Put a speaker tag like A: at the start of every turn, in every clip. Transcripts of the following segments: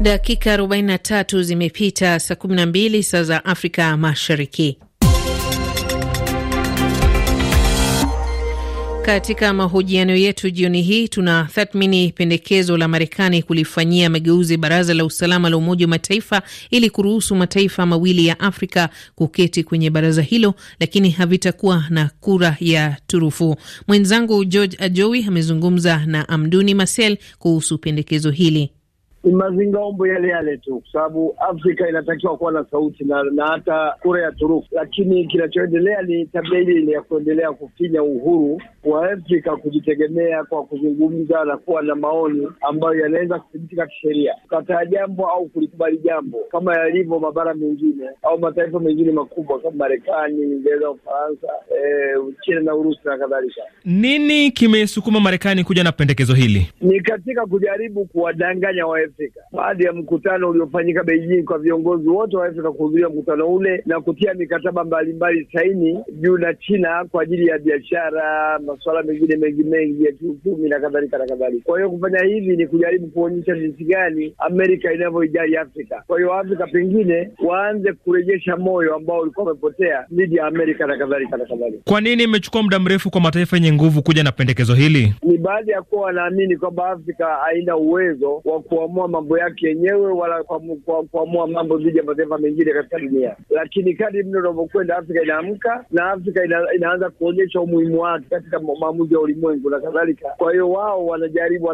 A: Dakika 43 zimepita saa 12 saa za Afrika Mashariki. Katika mahojiano yetu jioni hii tunatathmini pendekezo la Marekani kulifanyia mageuzi baraza la usalama la Umoja wa Mataifa ili kuruhusu mataifa mawili ya Afrika kuketi kwenye baraza hilo, lakini havitakuwa na kura ya turufu. Mwenzangu George Ajowi amezungumza na Amduni Marcel kuhusu pendekezo hili
B: ni mazingaombo yale yale tu, kwa sababu Afrika inatakiwa kuwa na sauti na, na hata kura ya turufu, lakini kinachoendelea ni tabia ile ya kuendelea kufinya uhuru wa Afrika kujitegemea kwa kuzungumza na kuwa na maoni ambayo yanaweza kuthibitika kisheria. Kukataa jambo au kulikubali jambo kama yalivyo mabara mengine au mataifa mengine makubwa kama Marekani, Uingereza, Ufaransa, e, China na Urusi na kadhalika.
C: Nini kimesukuma Marekani kuja na pendekezo hili?
B: Ni katika kujaribu kuwadanganya wa Afrika baada ya mkutano uliofanyika Beijing kwa viongozi wote wa Afrika kuhudhuria mkutano ule na kutia mikataba mbalimbali saini juu na China kwa ajili ya biashara, masuala mengine mengi mengi ya kiuchumi na kadhalika na kadhalika. Kwa hiyo kufanya hivi ni kujaribu kuonyesha jinsi gani Amerika inavyoijali Afrika. Kwa hiyo Afrika pengine waanze kurejesha moyo ambao ulikuwa umepotea dhidi ya Amerika na kadhalika na kadhalika.
C: Kwa nini imechukua muda mrefu kwa mataifa yenye nguvu kuja na pendekezo hili?
B: Ni baada ya kuwa wanaamini kwamba Afrika haina uwezo wa kuamua kuamua mambo yake yenyewe wala kuamua mambo dhidi ya mataifa mengine katika dunia, lakini kadri mno unavyokwenda Afrika inaamka na Afrika ina, inaanza kuonyesha umuhimu wake katika maamuzi ya ulimwengu na kadhalika. Kwa hiyo wao wanajaribu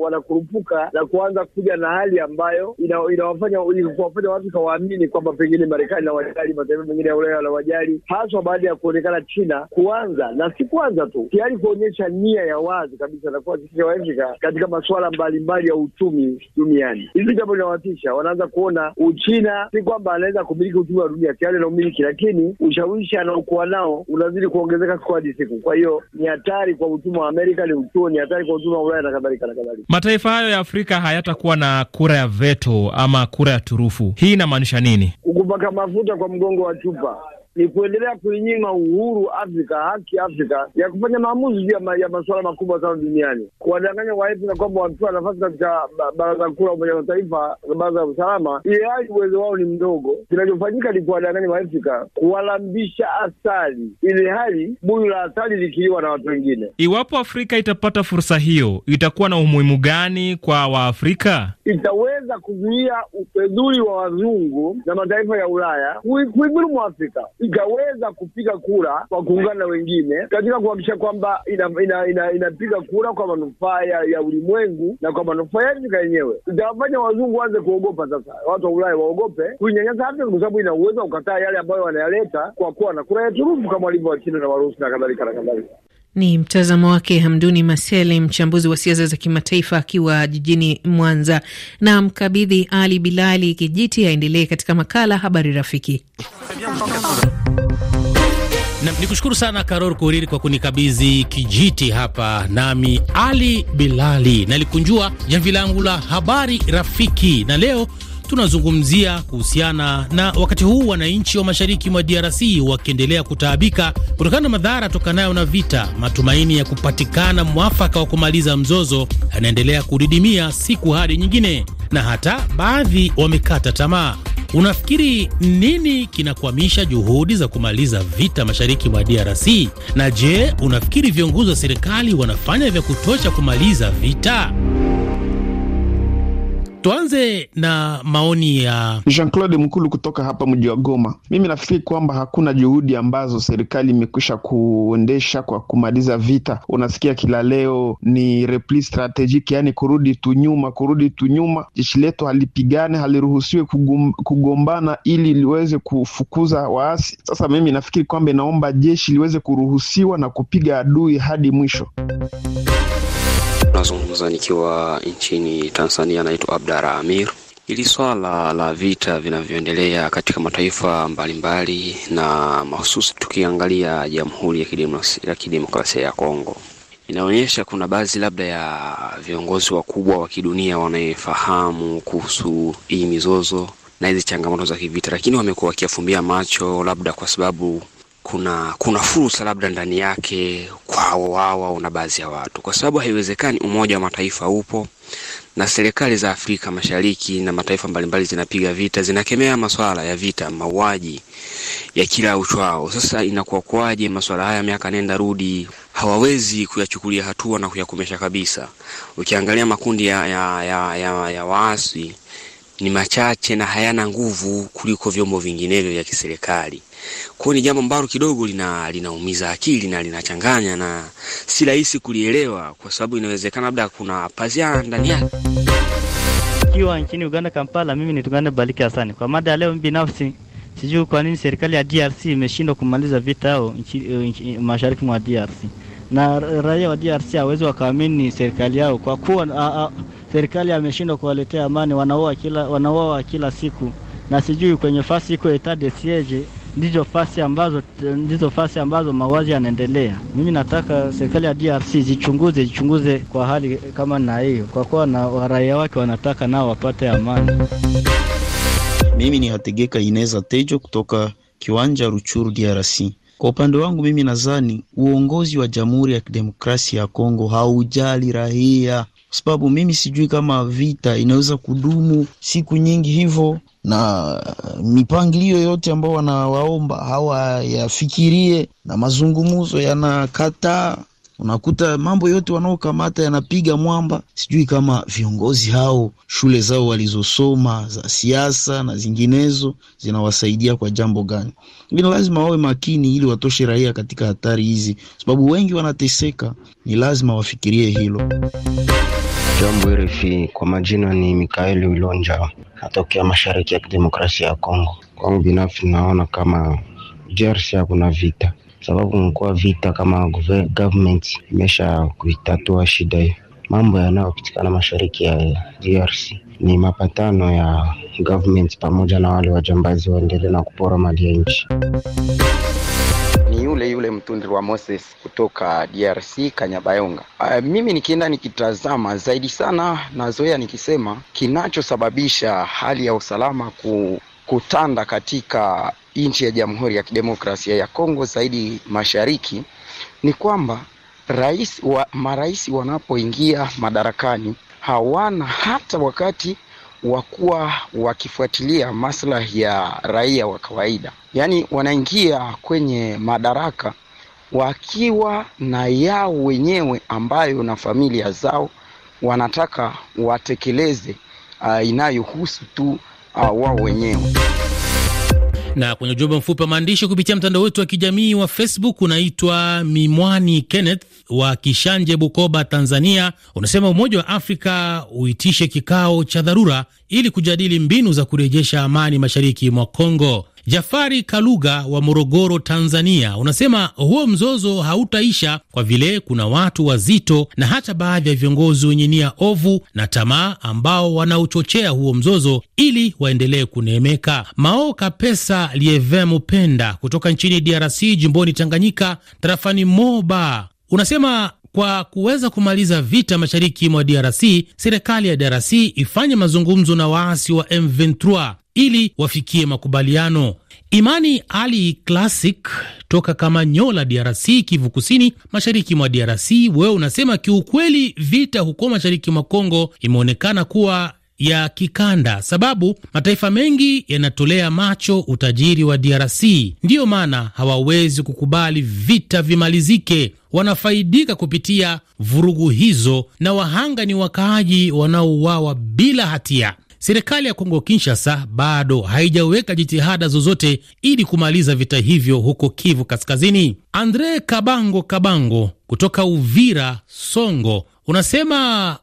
B: wanakurupuka wana, wana na kuanza kuja na hali ambayo inawafanya ina kuwafanya Waafrika waamini kwamba pengine Marekani na wajali mataifa mengine ya Ulaya wanawajali wajali haswa, baada ya kuonekana China kuanza na si kuanza tu, tayari kuonyesha nia ya wazi kabisa na kuhakikisha Waafrika katika masuala mbalimbali ya uchumi duniani. Hizi jambo linawatisha, wanaanza kuona Uchina si kwamba anaweza kumiliki uchumi wa dunia, tayari anaumiliki, lakini ushawishi anaokuwa nao unazidi kuongezeka siku hadi siku. Kwa hiyo ni hatari kwa uchumi wa Amerika, ni uchumi ni hatari kwa uchumi wa Ulaya na kadhalika na kadhalika.
C: Mataifa hayo ya Afrika hayatakuwa na kura ya veto ama kura ya turufu. Hii inamaanisha nini?
B: Kupaka mafuta kwa mgongo wa chupa ni kuendelea kuinyima uhuru Afrika, haki Afrika ya kufanya maamuzi juu ya masuala makubwa sana duniani, kuwadanganya waafrika kwamba wakipewa nafasi katika baraza kuu la Umoja wa Mataifa, baraza la usalama, ili uwezo wao ni mdogo. Kinachofanyika ni kuwadanganya waafrika, kuwalambisha asali, ili hali buyu la asali likiliwa na watu wengine.
C: Iwapo Afrika itapata fursa hiyo, itakuwa na umuhimu gani kwa Waafrika?
B: Itaweza kuzuia upedhuli wa wazungu na mataifa ya Ulaya kuigulumu Afrika ikaweza kupiga kura kwa kuungana wengine katika kuhakikisha kwamba inapiga ina, ina, ina kura kwa manufaa ya, ya ulimwengu na kwa manufaa ya Afrika yenyewe. Itawafanya wazungu waanze kuogopa sasa, watu wa Ulaya waogope kuinyanyasa Afrika kwa sababu ina uwezo wa kukataa yale ambayo wanayaleta kwa kuwa na kura ya turufu kama walivyo Wachina na Warusi na kadhalika na kadhalika.
A: Ni mtazamo wake Hamduni Masele, mchambuzi wa siasa za kimataifa akiwa jijini Mwanza. Na mkabidhi Ali Bilali kijiti aendelee katika makala Habari Rafiki.
D: Na, ni kushukuru sana Karol Kuriri kwa kunikabidhi kijiti hapa, nami Ali Bilali nalikunjua jamvi langu la habari rafiki, na leo tunazungumzia kuhusiana na wakati huu wananchi wa mashariki mwa DRC wakiendelea kutaabika kutokana na madhara tokanayo na vita. Matumaini ya kupatikana mwafaka wa kumaliza mzozo yanaendelea kudidimia siku hadi nyingine, na hata baadhi wamekata tamaa. Unafikiri nini kinakwamisha juhudi za kumaliza vita mashariki mwa DRC? Na je, unafikiri viongozi wa serikali wanafanya vya kutosha kumaliza vita? Tuanze na maoni ya Jean Claude Mkulu kutoka hapa mji wa Goma. Mimi nafikiri
C: kwamba hakuna juhudi ambazo serikali imekwisha kuendesha kwa kumaliza vita.
B: Unasikia kila leo ni repli strategiki, yaani kurudi tu nyuma, kurudi tu nyuma. Jeshi letu halipigane, haliruhusiwe kugum, kugombana ili liweze kufukuza waasi. Sasa mimi nafikiri kwamba inaomba jeshi liweze kuruhusiwa na kupiga adui hadi mwisho.
C: Nazungumza nikiwa nchini Tanzania, naitwa Abdara Amir. Hili swala la vita vinavyoendelea katika mataifa mbalimbali mbali, na mahususi tukiangalia Jamhuri ya Kidemokrasia ya Kongo inaonyesha kuna baadhi labda ya viongozi wakubwa wa kidunia wanayefahamu kuhusu hii mizozo na hizi changamoto za kivita, lakini wamekuwa wakiafumbia macho labda kwa sababu kuna kuna fursa labda ndani yake kwa wawa na baadhi ya watu, kwa sababu haiwezekani Umoja wa Mataifa upo na serikali za Afrika Mashariki na mataifa mbalimbali zinapiga vita, zinakemea masuala ya vita, mauaji ya kila uchwao. Sasa inakuwa kwaje? Masuala haya miaka nenda rudi, hawawezi kuyachukulia hatua na kuyakomesha kabisa. Ukiangalia makundi ya, ya, ya, ya, ya waasi ni machache na hayana nguvu kuliko vyombo vinginevyo vya kiserikali. Kwa ni jambo ambalo kidogo lina linaumiza akili na linachanganya na si rahisi kulielewa, kwa sababu inawezekana labda kuna pazia ndani yake. Kiwa nchini Uganda, Kampala, mimi ni Tugane Baliki Hasani. Kwa mada ya leo, binafsi sijui kwa nini serikali ya DRC imeshindwa kumaliza vita hao eh, mashariki mwa DRC na raia wa DRC hawezi wakaamini serikali yao kwa kuwa a, a, serikali ameshindwa kuwaletea amani, wanaoa kila, wanaoa kila siku na sijui kwenye fasi iko etat de siege ndizo fasi ambazo, ndizo fasi ambazo mauaji yanaendelea. Mimi nataka serikali ya DRC zichunguze zichunguze kwa hali kama na hiyo, kwa kuwa na raia wake wanataka nao wapate amani. Mimi ni Hategeka Ineza Tejo kutoka kiwanja Ruchuru DRC. Kwa upande wangu mimi nadhani uongozi wa Jamhuri ya Kidemokrasia ya Kongo haujali raia, kwa sababu mimi sijui kama vita inaweza kudumu siku nyingi hivyo, na mipangilio yote ambao wanawaomba hawa yafikirie na mazungumzo yanakataa. Unakuta mambo yote wanaokamata yanapiga mwamba. Sijui kama viongozi hao shule zao walizosoma za siasa na zinginezo zinawasaidia kwa jambo gani? lakini lazima wawe makini ili watoshe raia katika hatari hizi, sababu wengi wanateseka. Ni lazima wafikirie hilo. Jambo RFI, kwa majina ni Mikaeli ulonja natokea mashariki ya kidemokrasia ya Kongo. Kwangu binafsi, naona kama DRC hakuna vita sababu mnakuwa vita kama government imesha kuitatua shida hiyo. Mambo yanayopitikana mashariki ya DRC ni mapatano ya government pamoja na wale wajambazi waendelee na kupora mali ya nchi. Ni yule yule Mtundiri wa Moses kutoka DRC Kanyabayonga. Uh, mimi nikienda nikitazama zaidi sana nazoea nikisema kinachosababisha hali ya usalama ku, kutanda katika nchi ya Jamhuri ya Kidemokrasia ya Kongo, zaidi mashariki, ni kwamba rais wa, marais wanapoingia madarakani hawana hata wakati wa kuwa wakifuatilia maslahi ya raia wa kawaida, yaani wanaingia kwenye madaraka wakiwa na yao wenyewe ambayo na familia zao wanataka watekeleze, uh, inayohusu tu uh, wao wenyewe.
D: Na kwenye ujumbe mfupi wa maandishi kupitia mtandao wetu wa kijamii wa Facebook unaitwa Mimwani Kenneth wa Kishanje, Bukoba, Tanzania, unasema Umoja wa Afrika uitishe kikao cha dharura ili kujadili mbinu za kurejesha amani mashariki mwa Kongo. Jafari Kaluga wa Morogoro, Tanzania, unasema huo mzozo hautaisha kwa vile kuna watu wazito na hata baadhi ya viongozi wenye nia ovu na tamaa ambao wanauchochea huo mzozo ili waendelee kuneemeka. maoka pesa Lieve Mupenda kutoka nchini DRC, jimboni Tanganyika, tarafani Moba, unasema kwa kuweza kumaliza vita mashariki mwa DRC, serikali ya DRC ifanye mazungumzo na waasi wa M23 ili wafikie makubaliano. Imani Ali Classic toka kama nyola DRC, Kivu Kusini, mashariki mwa DRC. Wewe unasema kiukweli, vita huko mashariki mwa Kongo imeonekana kuwa ya kikanda, sababu mataifa mengi yanatolea macho utajiri wa DRC. Ndiyo maana hawawezi kukubali vita vimalizike, wanafaidika kupitia vurugu hizo, na wahanga ni wakaaji wanaouawa bila hatia. Serikali ya Kongo Kinshasa bado haijaweka jitihada zozote ili kumaliza vita hivyo huko Kivu Kaskazini. Andre Kabango Kabango kutoka Uvira Songo unasema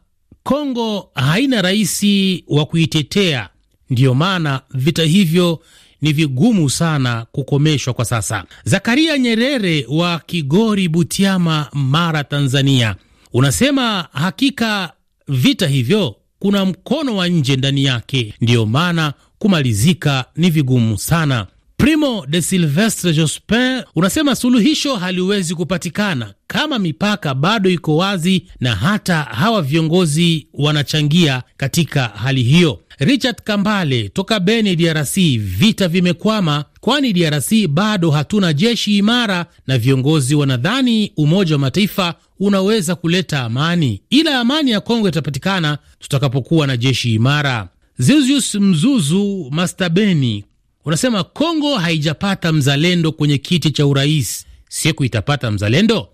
D: Kongo haina rais wa kuitetea, ndiyo maana vita hivyo ni vigumu sana kukomeshwa kwa sasa. Zakaria Nyerere wa Kigori, Butiama, Mara, Tanzania unasema hakika vita hivyo kuna mkono wa nje ndani yake, ndiyo maana kumalizika ni vigumu sana. Primo de Silvestre Jospin unasema suluhisho haliwezi kupatikana kama mipaka bado iko wazi na hata hawa viongozi wanachangia katika hali hiyo. Richard Kambale toka Beni, DRC. Vita vimekwama, kwani DRC bado hatuna jeshi imara na viongozi wanadhani Umoja wa Mataifa unaweza kuleta amani, ila amani ya Kongo itapatikana tutakapokuwa na jeshi imara. Zizius Mzuzu beni unasema Kongo haijapata mzalendo kwenye kiti cha urais. Siku itapata mzalendo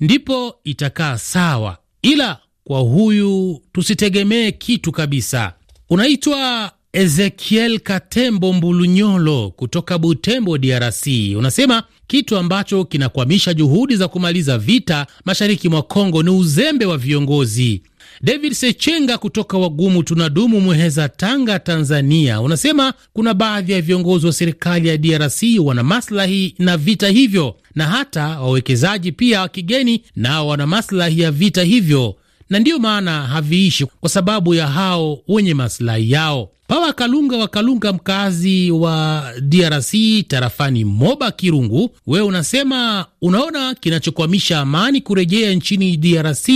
D: ndipo itakaa sawa, ila kwa huyu tusitegemee kitu kabisa. Unaitwa Ezekiel Katembo Mbulunyolo kutoka Butembo, DRC. Unasema kitu ambacho kinakwamisha juhudi za kumaliza vita mashariki mwa Kongo ni uzembe wa viongozi. David Sechenga kutoka Wagumu tunadumu Muheza, Tanga, Tanzania, unasema kuna baadhi ya viongozi wa serikali ya DRC wana maslahi na vita hivyo, na hata wawekezaji pia wa kigeni nao wana maslahi ya vita hivyo na ndiyo maana haviishi kwa sababu ya hao wenye masilahi yao. Pawa Kalunga wa Kalunga, mkazi wa DRC tarafani Moba Kirungu, wewe unasema unaona kinachokwamisha amani kurejea nchini DRC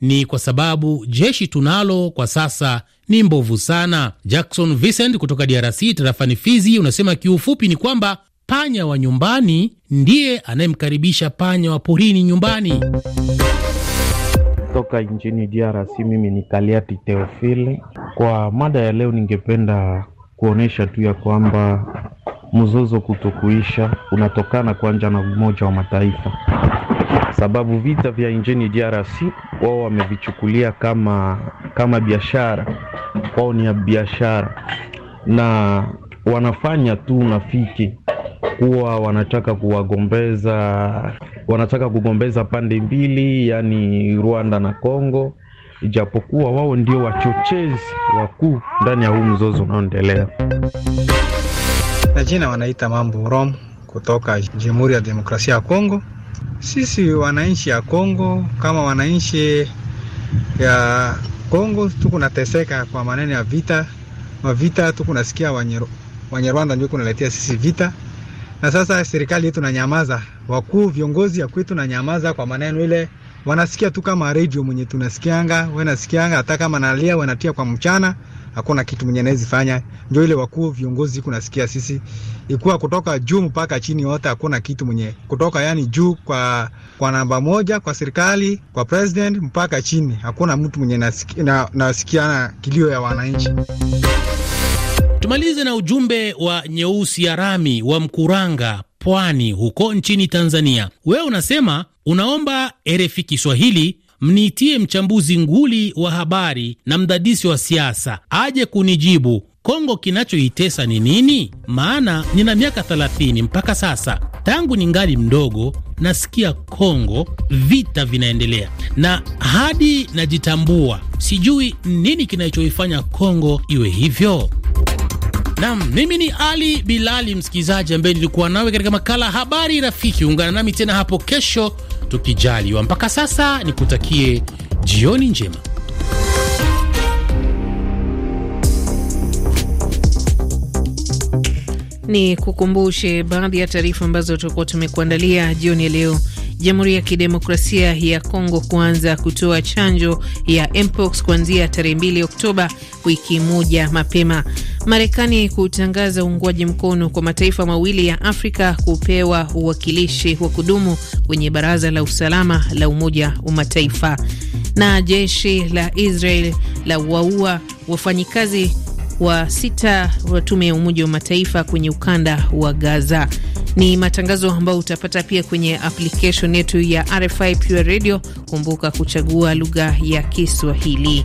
D: ni kwa sababu jeshi tunalo kwa sasa ni mbovu sana. Jackson Vincent kutoka DRC tarafani Fizi unasema kiufupi ni kwamba panya wa nyumbani ndiye anayemkaribisha panya wa porini nyumbani kutoka nchini DRC. Mimi ni Kaliati teofili Kwa mada ya leo,
C: ningependa kuonesha tu ya kwamba mzozo kutokuisha unatokana kwanja na Umoja wa Mataifa,
D: sababu vita vya nchini DRC
C: wao wamevichukulia kama kama biashara, wao ni ya biashara na wanafanya tu unafiki kuwa wanataka kuwagombeza, wanataka kugombeza pande mbili, yaani Rwanda na Kongo, ijapokuwa wao ndio wachochezi wakuu ndani ya huu mzozo unaoendelea. Na jina wanaita mambo rom kutoka Jamhuri ya Demokrasia ya Kongo. Sisi wananchi ya Kongo kama wananchi ya Kongo tukunateseka kwa maneno ya vita
D: mavita, tukunasikia Wanyarwanda ndio kunaletea sisi vita na sasa serikali yetu nanyamaza, wakuu viongozi ya kwetu nanyamaza kwa maneno ile wanasikia tu
C: kama radio mwenye tunasikianga wenasikianga, hata kama nalia wanatia kwa mchana, hakuna kitu mwenye nawezi fanya. Ndio ile wakuu viongozi kunasikia sisi, ikuwa kutoka juu mpaka chini yote, hakuna kitu mwenye kutoka yani juu kwa, kwa namba moja kwa serikali kwa president mpaka chini, hakuna mtu mwenye nasikia, na, nasikia na, kilio ya wananchi.
D: Tumalize na ujumbe wa Nyeusi ya Rami wa Mkuranga, Pwani, huko nchini Tanzania. Wewe unasema unaomba RFI Kiswahili mniitie mchambuzi nguli wa habari na mdadisi wa siasa aje kunijibu Kongo kinachoitesa ni nini? Maana nina miaka 30 mpaka sasa, tangu ni ngali mdogo nasikia Kongo vita vinaendelea, na hadi najitambua, sijui nini kinachoifanya Kongo iwe hivyo. Nam, mimi ni Ali Bilali, msikilizaji ambaye nilikuwa nawe katika makala Habari Rafiki. Ungana nami tena hapo kesho tukijaliwa. Mpaka sasa nikutakie jioni njema.
A: Ni kukumbushe baadhi ya taarifa ambazo tulikuwa tumekuandalia jioni ya leo. Jamhuri ya Kidemokrasia ya Kongo kuanza kutoa chanjo ya mpox kuanzia tarehe 2 Oktoba, wiki moja mapema. Marekani kutangaza uungwaji mkono kwa mataifa mawili ya Afrika kupewa uwakilishi wa kudumu kwenye baraza la usalama la Umoja wa Mataifa. Na jeshi la Israel la waua wafanyikazi wa sita wa tume ya Umoja wa Mataifa kwenye ukanda wa Gaza. Ni matangazo ambayo utapata pia kwenye application yetu ya RFI Pure Radio. Kumbuka kuchagua lugha ya Kiswahili.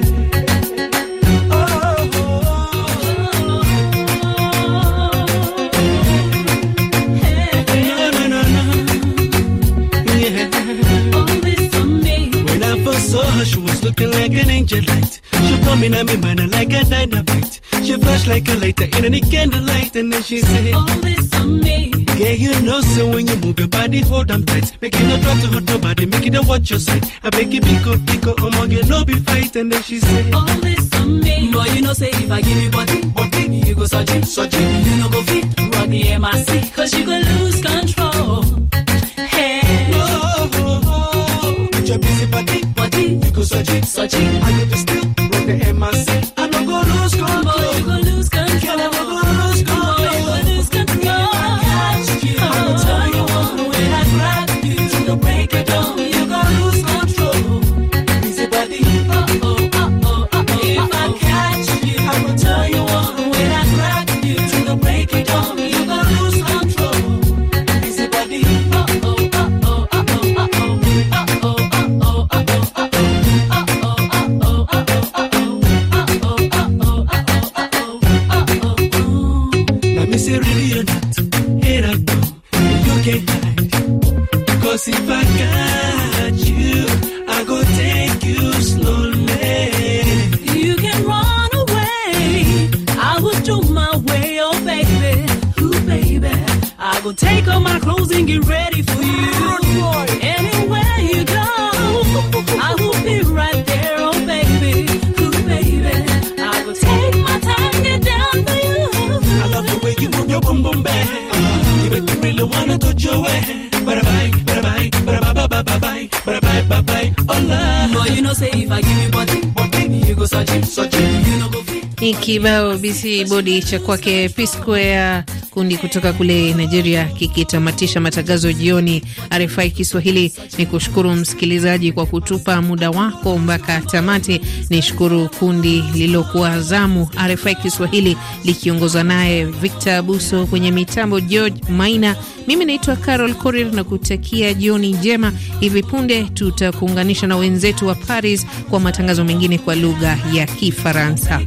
C: angel light. She told me that me man like a dynamite. She
B: flash like a lighter in any candlelight, and then she said, All this on me. Yeah, you know, so when you move your body, hold them tight. Make it no drop to hurt nobody, make it not watch your sight. I make it pick up,
C: pick up, among you, no be fight, and then she said, All this on me. Boy, you know, say if I give you body, body, you go searching, searching, you know, go
A: I go take off my clothes and get ready for you. Anywhere you go, I will be right there, oh baby, ooh baby. I will take my time, get down for you. I love the way you move your boom boom bang. Uh, you make me really wanna go
D: your way. Bye bye, bye bye, bye bye, bye bye, bye bye, bye bye, hola. Boy,
C: you know say if I give you body, body, you go searching, searching, you
A: know go. Ni kibao bisi bodi cha kwake P Square kundi kutoka kule Nigeria kikitamatisha matangazo jioni. RFI Kiswahili ni kushukuru msikilizaji kwa kutupa muda wako mpaka tamati. Ni shukuru kundi lililokuwa zamu RFI Kiswahili likiongozwa naye Victor Abuso, kwenye mitambo George Maina. Mimi naitwa Carol Corir na kutakia jioni njema. Hivi punde tutakuunganisha na wenzetu wa Paris kwa matangazo mengine kwa lugha ya Kifaransa.